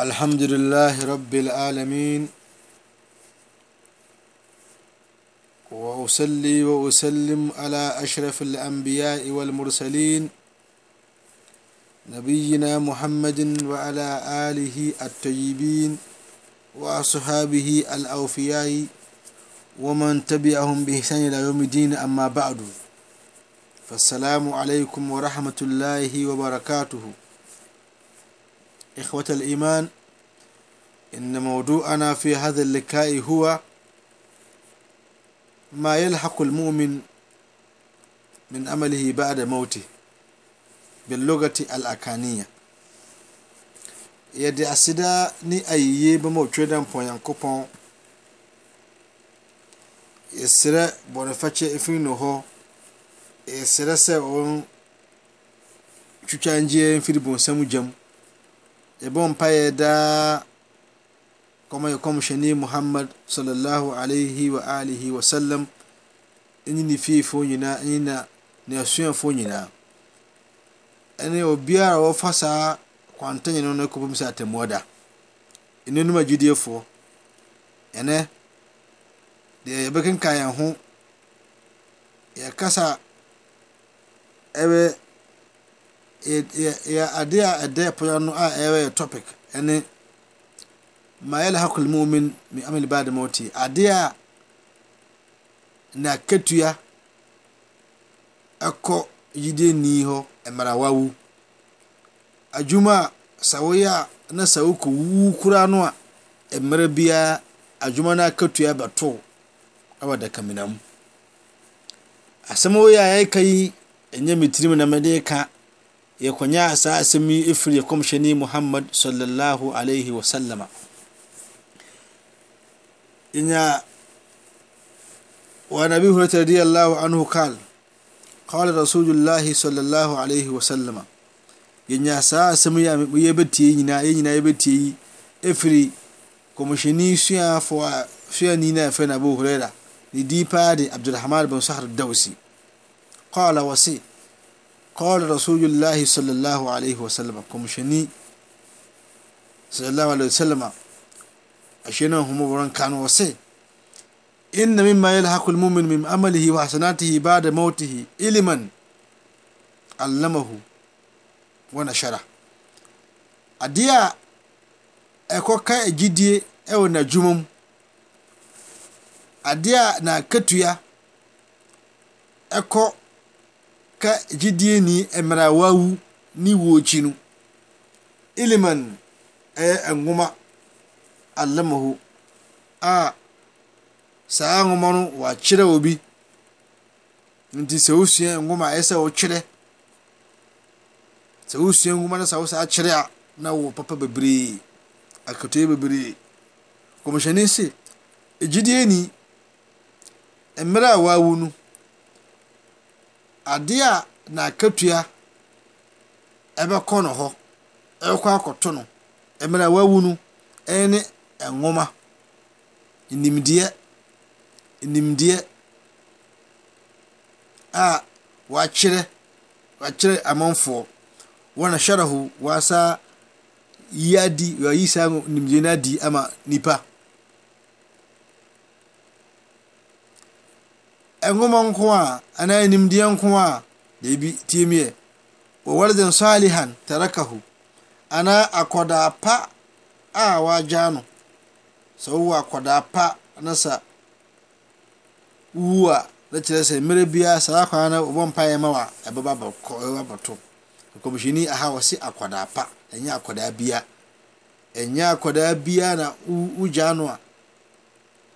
الحمد لله رب العالمين وأصلي وأسلم على أشرف الأنبياء والمرسلين نبينا محمد وعلى آله الطيبين وأصحابه الأوفياء ومن تبعهم بإحسان إلى يوم الدين أما بعد فالسلام عليكم ورحمة الله وبركاته إخوة الإيمان إن موضوعنا في هذا اللقاء هو ما يلحق المؤمن من أمله بعد موته باللغة الأكانية yɛde aseda ne ayie bɛma ɔtwa da mpɔnyankopɔn yɛserɛ bɔnefakyɛ ɛfiri no hɔ yɛserɛ sɛ ɔn twitwa ngyeɛ mfiri bonsam gyam yebepayɛ daa kome ykomeshɛni muhamad sallaalh waalih wasalam yenefie foyinn suafo yinaa ne obiara wafa saa kante yeno n kposa atamuada ne numagidie fu ene eyebekenka ɛ ho yɛkasa adeɛa ɛdepyanɛ topic ne mayɛl haklmumnbidemt adeɛa na akatua ɛkɔ yidee ni h marawawu adwuma sawoy nasɛwokowu kora noa mera biaa adwumana akatua bɛtʋ ɛwadaka minam asɛm weyiɛkayi ɛyɛ metrimmdeka ye koya saa asem efriya komsheni muhammad sllى اllh laيh wsallama eya waan abuhurata radi alلh anhu kal qala rasuluاllah slى اlه alaيh wasallama yeya saa asemriye betiyeina ye ɓetiei efri komisheni sua w sua nina fon abu huraira ni di paade abdurahman bn sahr الdawsi qala was qala rasuluاllahi sallى اllah alaihi wasallama komisheni sallى اllah aleihi wasallama asheyna humworon kan wosa inna mima yalhaqualmumin min amalihi hasanatihi baada mautihi iliman allamahu wanashara adiya eko ka e jidie ewo najumam adiya nakatuya eko ka gyidieni eh, mmerɛ a wawu ne wɔ akyi no iliman ɛyɛ eh, nwoma alamahu a saa nwoma no w'akyerɛ obi nti sɛ wosua nwoma a sɛ wɔkyerɛ sɛ wosua nwoma no sɛ wo saa kyerɛ a na wo papa bebree akatoe bebree kɔmhyɛne se gyidieni mmerɛ a wawu no adeɛ a n'akatua ɛbɛkɔ no hɔ ɛkɔ akɔto no mmerɛ a wawu no ɛne nwoma nimdeɛ nimdeɛ a wakyerɛ wakyerɛ amanfoɔ wɔn ahyɛrɛ ho wasa yi adi wayi saa nimdeɛ no adi ama nipa. nwoma nko a anaa nimdeɛ nko a deebi tie meɛ wɔwɔreden salihan tarakahu anaa akwadaa pa a wɔagyaa no sɛ wowɔ akwadaa pa na sa wu a na kyerɛ sɛ mmerɛ biara saa akwadaa no wɔbɔ mpaeɛ ma wa ɛbɛba abɛto kɔmhyɛni aha wɔse akwadaa pa ɛnyɛ akwadaa bia ɛnyɛ akwadaa bia na wogyaa no a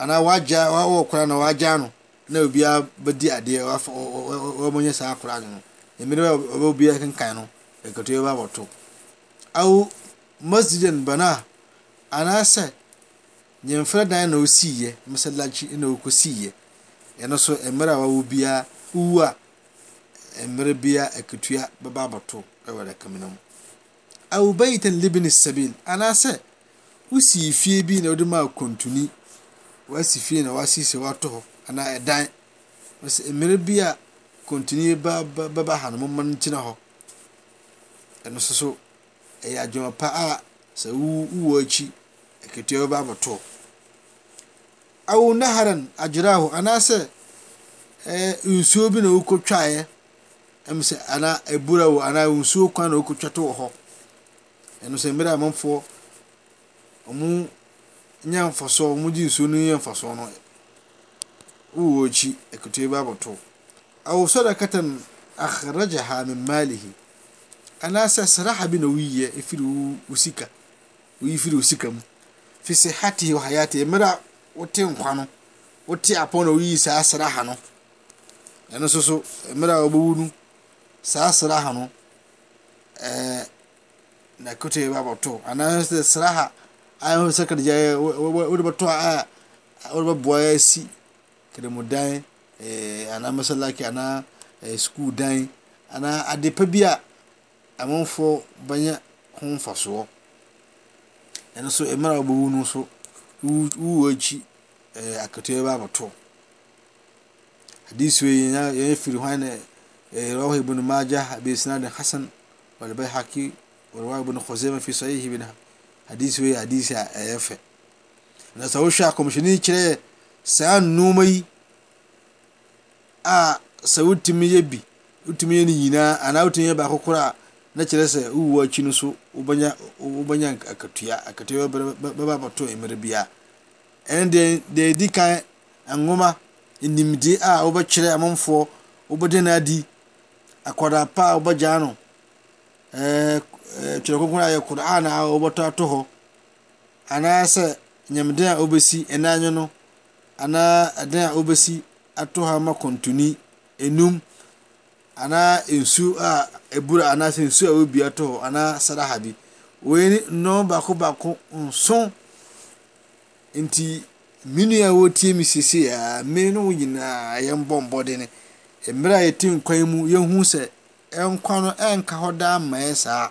aemadnasɛ yemfre danasieesie memaaalen sei nasɛ osi fiebin a kon wasfi wasese wath naɛda mere bia continu abahanmtina ho nsso yɛ adwuma pa a sɛ wwoci aketuababtʋ awo naharan agiraho anasɛ wnsuo bina wok twaɛ srasuo kanwktwatɔ h nsmeramaf yfassf s wi akibt sodakatan araha min malih anasɛ sraha binawoskam fi sihati haat me woti nkwano woti apɔna woi saa srah no nss me bɛ saasr naki btns srh atabuas kemuda anamasalak an sko da adepabia ama f baya f fasu anmabawuns uwei akatbabatʋ aisfriwbnmaasinade hassan aahakiwbnosea fisa hadisi wei hadisi a ɛyɛ fɛ na sɛ wohwɛ a kɔmhyɛni kyerɛ saa nnoma yi a sa wutumi yɛ bi wutumi yɛ no nyinaa anaa wutumi yɛ baako korɔ na kyerɛ sɛ wowɔ akyi no so wobɛnya wobɛnya akatua akatua ba ba mmerɛ biara ɛne deɛ deɛ da kan nwoma nimdeɛ a wobɛkyerɛ amanfoɔ wobɛde no adi akwadaa pa a wobɛgyaa no ɛɛ twerɛ kronkron a yɛ koran a wɔbɛtɔ ato hɔ anaasɛ nyameden a wobɛsi ɛnan no anaa ɛdan a wobɛsi ato ha ama kɔntoni enum anaa nsuo a ebura anaasɛ nsu a wɔbi ato hɔ anaa sadaha bi wei ne nnɔn baako baako nson nti minu a wɔtie mi sese a me no wo nyinaa yɛn bɔ mbɔden mmerɛ a yɛte nkwan mu yɛhu sɛ nkwa no ɛnka hɔ daa mmaa saa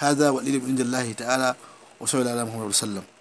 هذا والإلم عند الله تعالى وصلى الله عليه وسلم